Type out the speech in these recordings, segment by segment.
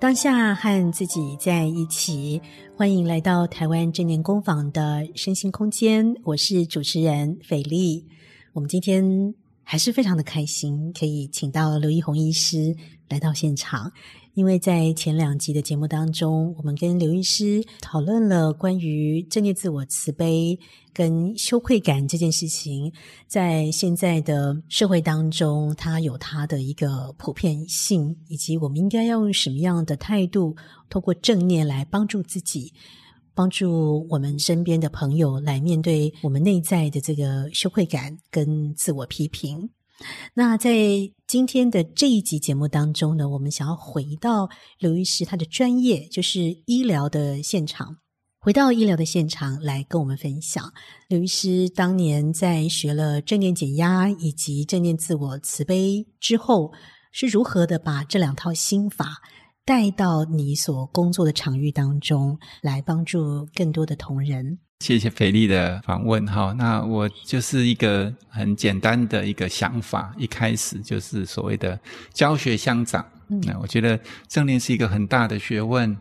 當下和自己在一起，歡迎來到台灣正念工坊的身心空間。我是主持人斐莉，我們今天。還是非常的開心，可以請到劉益宏醫師來到現場，因為在前兩集的節目當中，我們跟劉醫師討論了關於正念、自我慈悲跟羞愧感這件事情，在現在的社會當中，它有它的一個普遍性，以及我們應該要用什麼樣的態度，透過正念來幫助自己。幫助我們身邊的朋友來面對我們內在的這個羞愧感跟自我批評。那在今天的這一集節目當中呢，我們想要回到劉醫師他的專業，就是醫療的現場。回到醫療的現場來跟我們分享，劉醫師當年在學了正念減壓以及正念自我慈悲之後，是如何的把這兩套心法，帶到你所工作的場域當中來，幫助更多的同仁。謝謝斐莉的訪問，哈。那我就是一個很簡單的一個想法，一開始就是所謂的教學相長。嗯、那我覺得正念是一個很大的學問，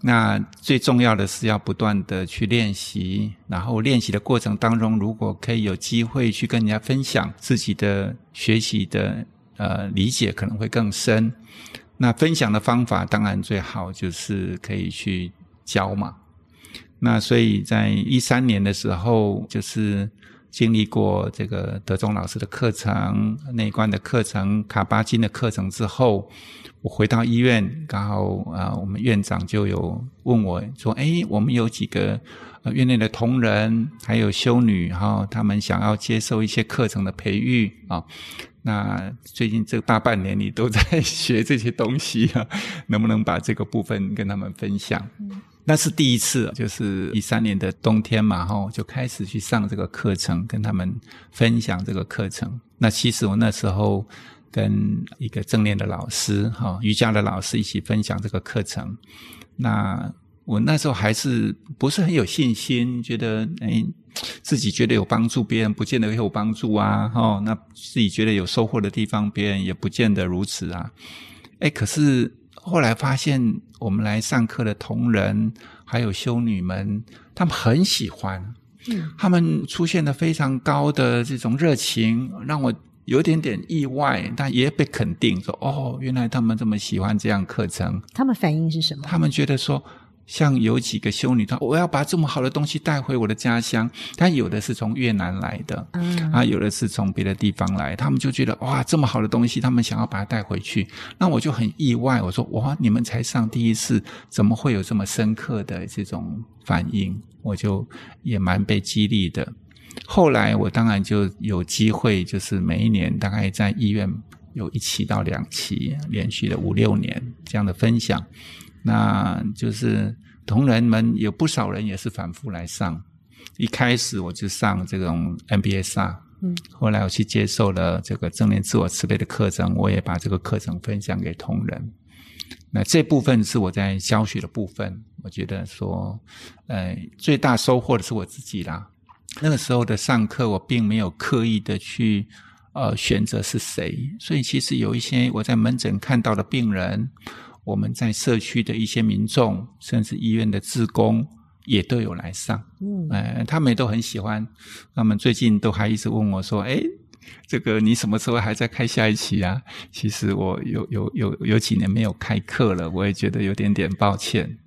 那最重要的是要不斷的去練習，然後練習的過程當中，如果可以有機會去跟人家分享自己的學習的呃理解，可能會更深。那分享的方法當然最好就是可以去教嘛。那所以在一三年的時候，就是經歷過這個德中老師的課程、內觀的課程、卡巴金的課程之後，我回到醫院，剛好啊、呃，我們院長就有問我說：“哎，我們有幾個院內的同仁還有修女，然、哦、他們想要接受一些課程的培育啊。哦”那最近這大半年你都在學這些東西啊，能不能把這個部分跟他們分享？嗯，那是第一次，就是一三年的冬天嘛，哈，我就開始去上這個課程，跟他們分享這個課程。那其實我那時候跟一個正念的老師，哈，瑜伽的老師一起分享這個課程。那我那時候還是不是很有信心，覺得哎。誒自己覺得有幫助，別人不見得也有幫助啊！哦，那自己覺得有收穫的地方，別人也不見得如此啊。哎，可是後來發現，我們來上課的同仁還有修女們，他們很喜歡，嗯，他們出現了非常高的這種熱情，讓我有點點意外，但也被肯定說：哦，原來他們這麼喜歡這樣課程。他們反應是什麼？他們覺得說。像有幾個修女，她、哦、我要把這麼好的東西帶回我的家鄉。但有的是從越南來的，嗯，啊，有的是從別的地方來，他們就覺得哇，這麼好的東西，他們想要把它帶回去。那我就很意外，我說哇，你們才上第一次，怎麼會有這麼深刻的這種反應？我就也蠻被激勵的。後來我當然就有機會，就是每一年大概在醫院有一期到兩期，連續的五六年這樣的分享。那就是同仁們有不少人也是反覆來上。一開始我就上這種 MBSR，嗯，後來我去接受了這個正念自我慈悲的課程，我也把這個課程分享給同仁。那這部分是我在教學的部分，我覺得說，呃，最大收穫的是我自己啦。那個時候的上課，我並沒有刻意的去呃選擇是誰，所以其實有一些我在門診看到的病人，我們在社區的一些民眾，甚至醫院的職工，也都有來上，嗯、呃，他們也都很喜歡。那麼最近都還一直問我說：“誒、欸，這個你什麼時候還在開下一期啊？”其實我有有有有幾年沒有開課了，我也覺得有點點抱歉。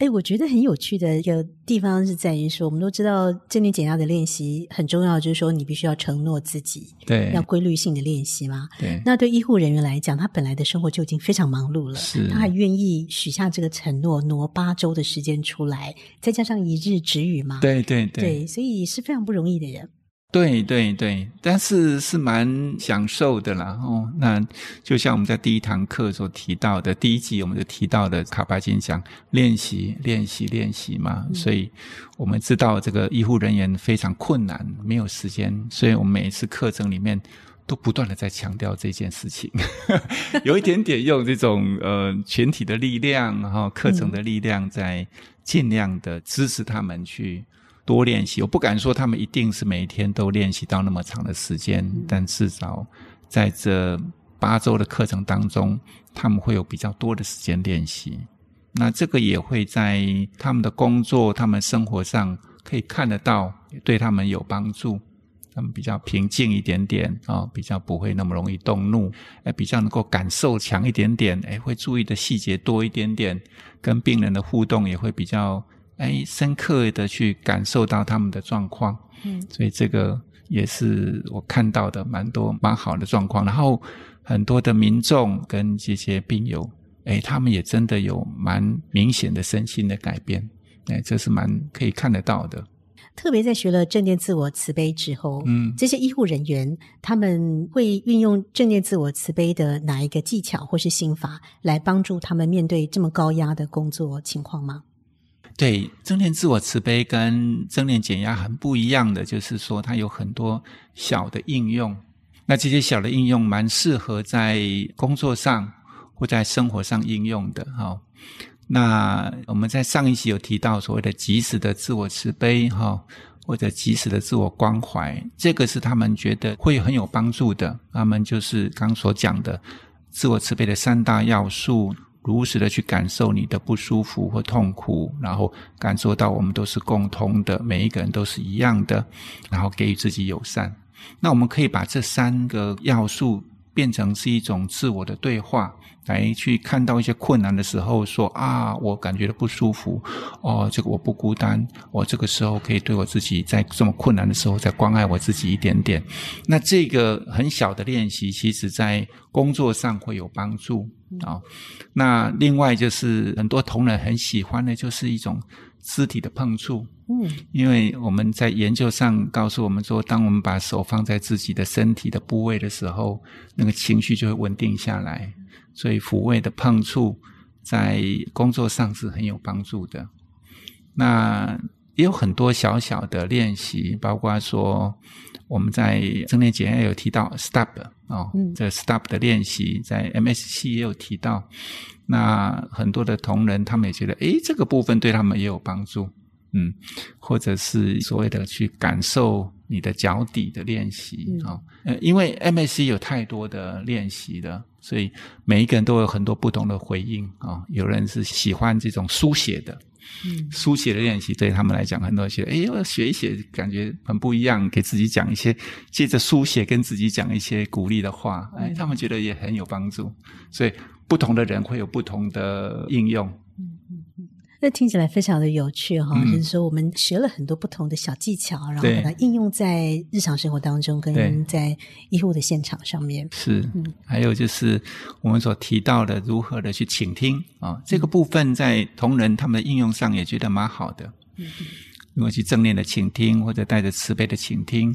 哎，我覺得很有趣的一個地方是在於說，我們都知道正念減壓的練習很重要，就是說你必須要承諾自己，對，要規律性的練習嘛。對，那對醫護人員來講，他本來的生活就已經非常忙碌了，是他還願意許下這個承諾，挪八周的時間出來，再加上一日止語嘛。對對對,對，所以是非常不容易的人。對對對，但是是蠻享受的啦。哦，那就像我們在第一堂課所提到的，第一集我們就提到的，卡巴金講練習，練習，練習嘛。嗯、所以我們知道這個醫護人員非常困難，沒有時間，所以我們每一次課程裡面都不斷的在強調這件事情， 有一點點用這種 呃群體的力量，然後課程的力量，在盡量的支持他們去。多練習，我不敢說他們一定是每天都練習到那麼長的時間，嗯、但至少在這八周的課程當中，他們會有比較多的時間練習。那這個也會在他們的工作、他們生活上可以看得到，對他們有幫助。他們比較平靜一點點啊、哦，比較不會那麼容易動怒，哎，比較能夠感受強一點點，誒、哎，會注意的細節多一點點，跟病人的互動也會比較。哎，深刻地去感受到他們的狀況，嗯，所以這個也是我看到的蠻多蠻好的狀況。然後很多的民眾跟這些病友，哎，他們也真的有蠻明顯的身心的改變，哎，這是蠻可以看得到的。特別在學了正念自我慈悲之後，嗯，這些醫護人員他們會運用正念自我慈悲的哪一個技巧或是心法來幫助他們面對這麼高壓的工作情況嗎？對，正念自我慈悲跟正念減壓很不一樣的，就是說它有很多小的應用，那這些小的應用蠻適合在工作上或在生活上應用的。哈，那我們在上一集有提到所謂的即時的自我慈悲，哈，或者即時的自我關懷，這個是他們覺得會很有幫助的。他們就是剛所講的自我慈悲的三大要素。如實的去感受你的不舒服或痛苦，然後感受到我們都是共通的，每一個人都是一樣的，然後給予自己友善。那我們可以把這三個要素，變成是一種自我的對話，來去看到一些困難的時候說，說啊，我感覺到不舒服，哦，這個我不孤單，我這個時候可以對我自己，在這麼困難的時候，再關愛我自己一點點。那這個很小的練習，其實在工作上會有幫助啊、哦。那另外就是很多同仁很喜歡的，就是一種。肢體的碰觸，嗯，因為我們在研究上告訴我們說，當我們把手放在自己的身體的部位的時候，那個情緒就會穩定下來，所以撫慰的碰觸在工作上是很有幫助的。那。也有很多小小的練習，包括說我們在正念節也有提到 stop 哦，嗯，這 stop 的練習在 MSC 也有提到。那很多的同仁他們也覺得，誒，這個部分對他們也有幫助，嗯，或者是所謂的去感受你的腳底的練習啊，嗯，哦，呃，因為 MSC 有太多的練習了，所以每一個人都有很多不同的回應啊，哦。有人是喜歡這種書寫的。嗯，書寫的練習對他們來講，很多人覺得，哎，我寫一寫，感覺很不一樣。給自己講一些，借着書寫跟自己講一些鼓勵的話，誒、哎，他們覺得也很有幫助。所以，不同的人會有不同的應用。那聽起來非常的有趣哈，就是說我們學了很多不同的小技巧，嗯、然後把它應用在日常生活當中，對跟在醫護的現場上面。對嗯、是，還有就是我們所提到的如何的去傾聽啊、哦，這個部分在同仁他們的應用上也覺得蠻好的。嗯，如果去正念的傾聽，或者帶着慈悲的傾聽。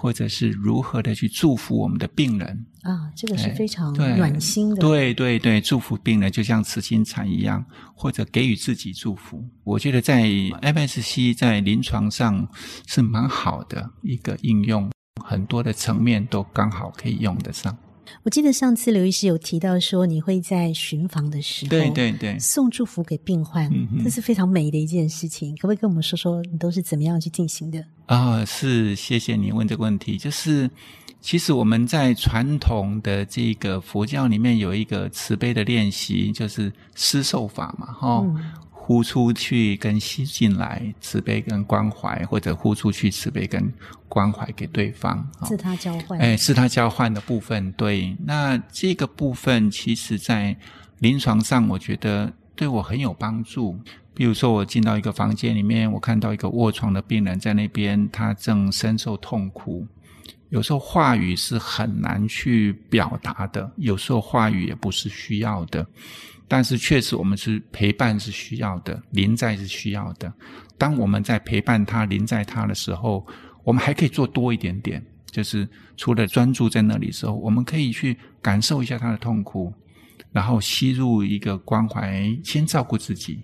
或者是如何的去祝福我們的病人啊，這個是非常暖心的。哎、對對對，對，祝福病人就像慈心禪一樣，或者給予自己祝福。我覺得在 MSC 在臨床上是蠻好的一個應用，很多的層面都剛好可以用得上。我記得上次劉醫師有提到說，你會在巡房的時候，對對對，送祝福給病患，對對對這是非常美的一件事情。嗯、哼可不可以跟我們說說，你都是怎麼樣去進行的？啊、哦，是，謝謝你問這個問題。就是，其實我們在傳統的這個佛教裡面有一個慈悲的練習，就是施受法嘛，哈。嗯呼出去跟吸進來，慈悲跟關懷，或者呼出去慈悲跟關懷給對方，自他交換，哎、欸，自他交換的部分。對，那這個部分其實在臨床上，我覺得對我很有幫助。比如說，我進到一個房間裡面，我看到一個臥床的病人在那邊，他正深受痛苦。有時候話語是很難去表達的，有時候話語也不是需要的。但是確實，我們是陪伴，是需要的，臨在是需要的。當我們在陪伴他、臨在他的時候，我們還可以做多一點點，就是除了專注在那裡的時候，我們可以去感受一下他的痛苦，然後吸入一個關懷，先照顧自己。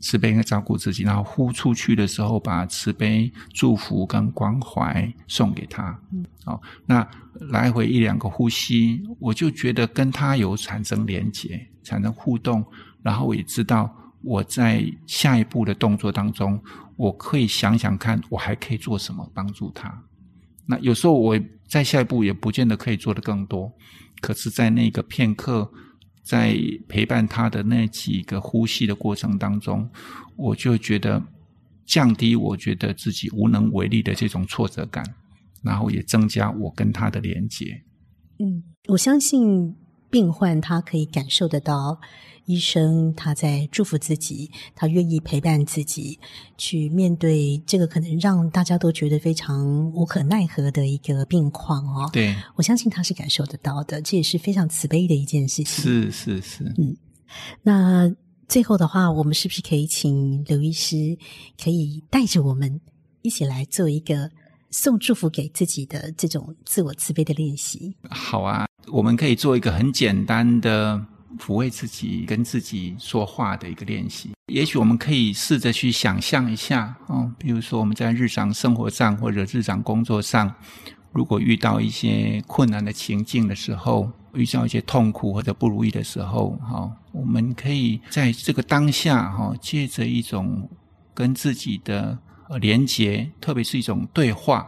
慈悲應該照顧自己，然後呼出去的時候，把慈悲、祝福跟關懷送給他。好、嗯哦，那來回一兩個呼吸，我就覺得跟他有產生連結、產生互動，然後我也知道我在下一步的動作當中，我可以想想看，我還可以做什麼幫助他。那有時候我在下一步也不見得可以做得更多，可是，在那個片刻。在陪伴他的那幾個呼吸的過程當中，我就覺得降低我覺得自己無能為力的這種挫折感，然後也增加我跟他的連接。嗯，我相信。病患他可以感受得到，醫生他在祝福自己，他願意陪伴自己，去面對這個可能讓大家都覺得非常無可奈何的一個病況哦。對，我相信他是感受得到的，這也是非常慈悲的一件事情。是是是。嗯，那最後的話，我們是不是可以請劉醫師，可以帶着我們一起來做一個送祝福給自己的這種自我慈悲的練習？好啊。我們可以做一個很簡單的撫慰自己、跟自己說話的一個練習。也許我們可以試着去想象一下，哦，比如說我們在日常生活上或者日常工作上，如果遇到一些困難的情境的時候，遇到一些痛苦或者不如意的時候，哈，我們可以在這個當下，哈，借着一種跟自己的連接，特別是一種對話，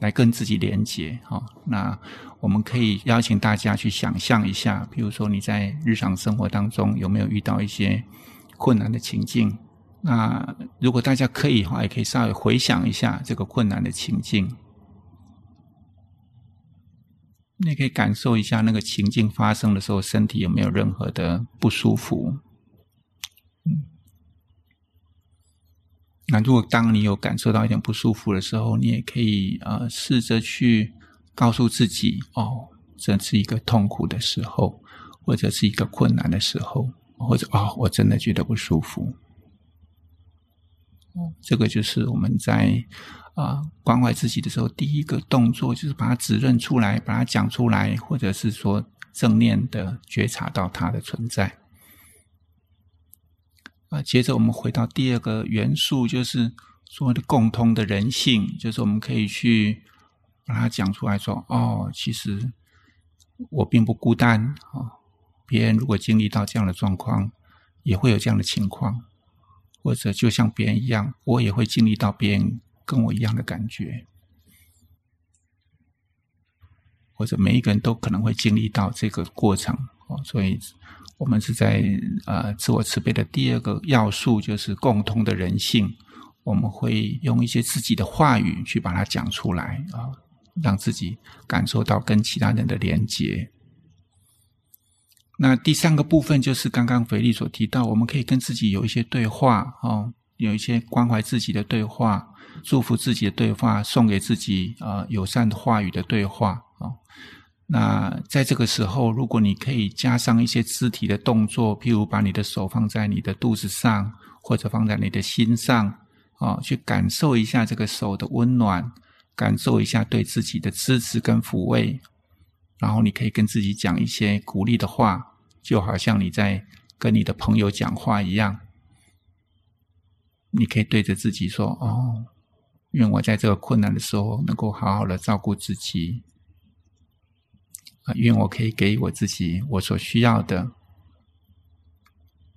來跟自己連接，哈，那。我們可以邀請大家去想象一下，比如說你在日常生活當中有沒有遇到一些困難的情境？那如果大家可以的話，也可以稍微回想一下這個困難的情境，你也可以感受一下那個情境發生的時候，身體有沒有任何的不舒服？嗯，那如果當你有感受到一點不舒服的時候，你也可以啊、呃，試着去。告訴自己哦，這是一個痛苦的時候，或者是一個困難的時候，或者啊、哦，我真的覺得不舒服。嗯、這個就是我們在啊、呃、關懷自己的時候，第一個動作就是把它指認出來，把它講出來，或者是說正念的覺察到它的存在。啊、呃，接着我們回到第二個元素，就是所謂的共通的人性，就是我們可以去。把它講出來說，說哦，其實我並不孤單啊、哦！別人如果經歷到這樣的狀況，也會有這樣的情況，或者就像別人一樣，我也會經歷到別人跟我一樣的感覺，或者每一個人都可能會經歷到這個過程哦，所以，我們是在呃自我慈悲的第二個要素，就是共通的人性。我們會用一些自己的話語去把它講出來啊！哦讓自己感受到跟其他人的連結。那第三個部分就是剛剛斐莉所提到，我們可以跟自己有一些對話哦，有一些關懷自己的對話、祝福自己的對話、送給自己啊、呃、友善的話語的對話哦。那在這個時候，如果你可以加上一些肢體的動作，譬如把你的手放在你的肚子上，或者放在你的心上啊、哦，去感受一下這個手的溫暖。感受一下對自己的支持跟撫慰，然後你可以跟自己講一些鼓勵的話，就好像你在跟你的朋友講話一樣。你可以對着自己說：“哦，願我在這個困難的時候能夠好好的照顧自己啊！願、呃、我可以給予我自己我所需要的，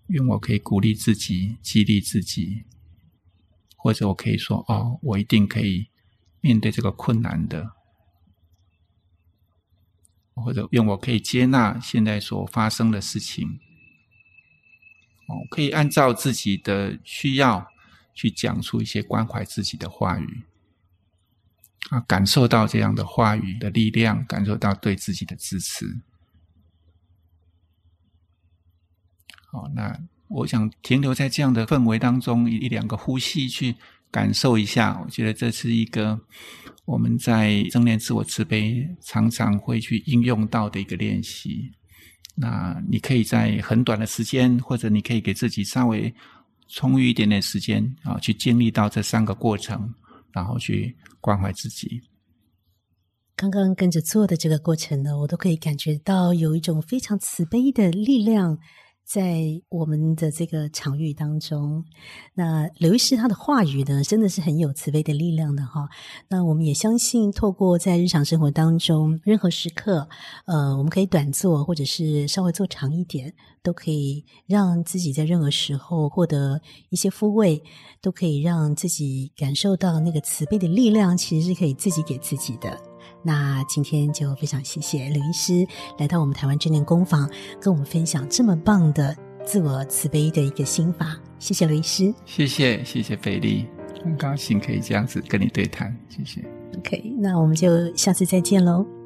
願我可以鼓勵自己、激勵自己，或者我可以說：‘哦，我一定可以。’”面對這個困難的，或者願我可以接納現在所發生的事情，哦，可以按照自己的需要去講出一些關懷自己的話語，啊，感受到這樣的話語的力量，感受到對自己的支持。好，那我想停留在這樣的氛圍當中，一兩個呼吸去。感受一下，我覺得這是一個我們在正念自我慈悲常常會去應用到的一個練習。那你可以在很短的時間，或者你可以給自己稍微充裕一點點時間啊，去經歷到這三個過程，然後去關懷自己。剛剛跟着做的這個過程呢，我都可以感覺到有一種非常慈悲的力量。在我們的這個場域當中，那劉醫師他的話語呢，真的是很有慈悲的力量的哈。那我們也相信，透過在日常生活當中任何時刻，呃，我們可以短坐，或者是稍微坐長一點，都可以讓自己在任何時候獲得一些撫慰，都可以讓自己感受到那個慈悲的力量，其實是可以自己給自己的。那今天就非常謝謝劉醫師來到我們台灣正念工坊，跟我們分享這麼棒的自我慈悲的一個心法。謝謝劉醫師，謝謝謝謝斐莉，很高興可以這樣子跟你對談，謝謝。OK，那我們就下次再見嘍。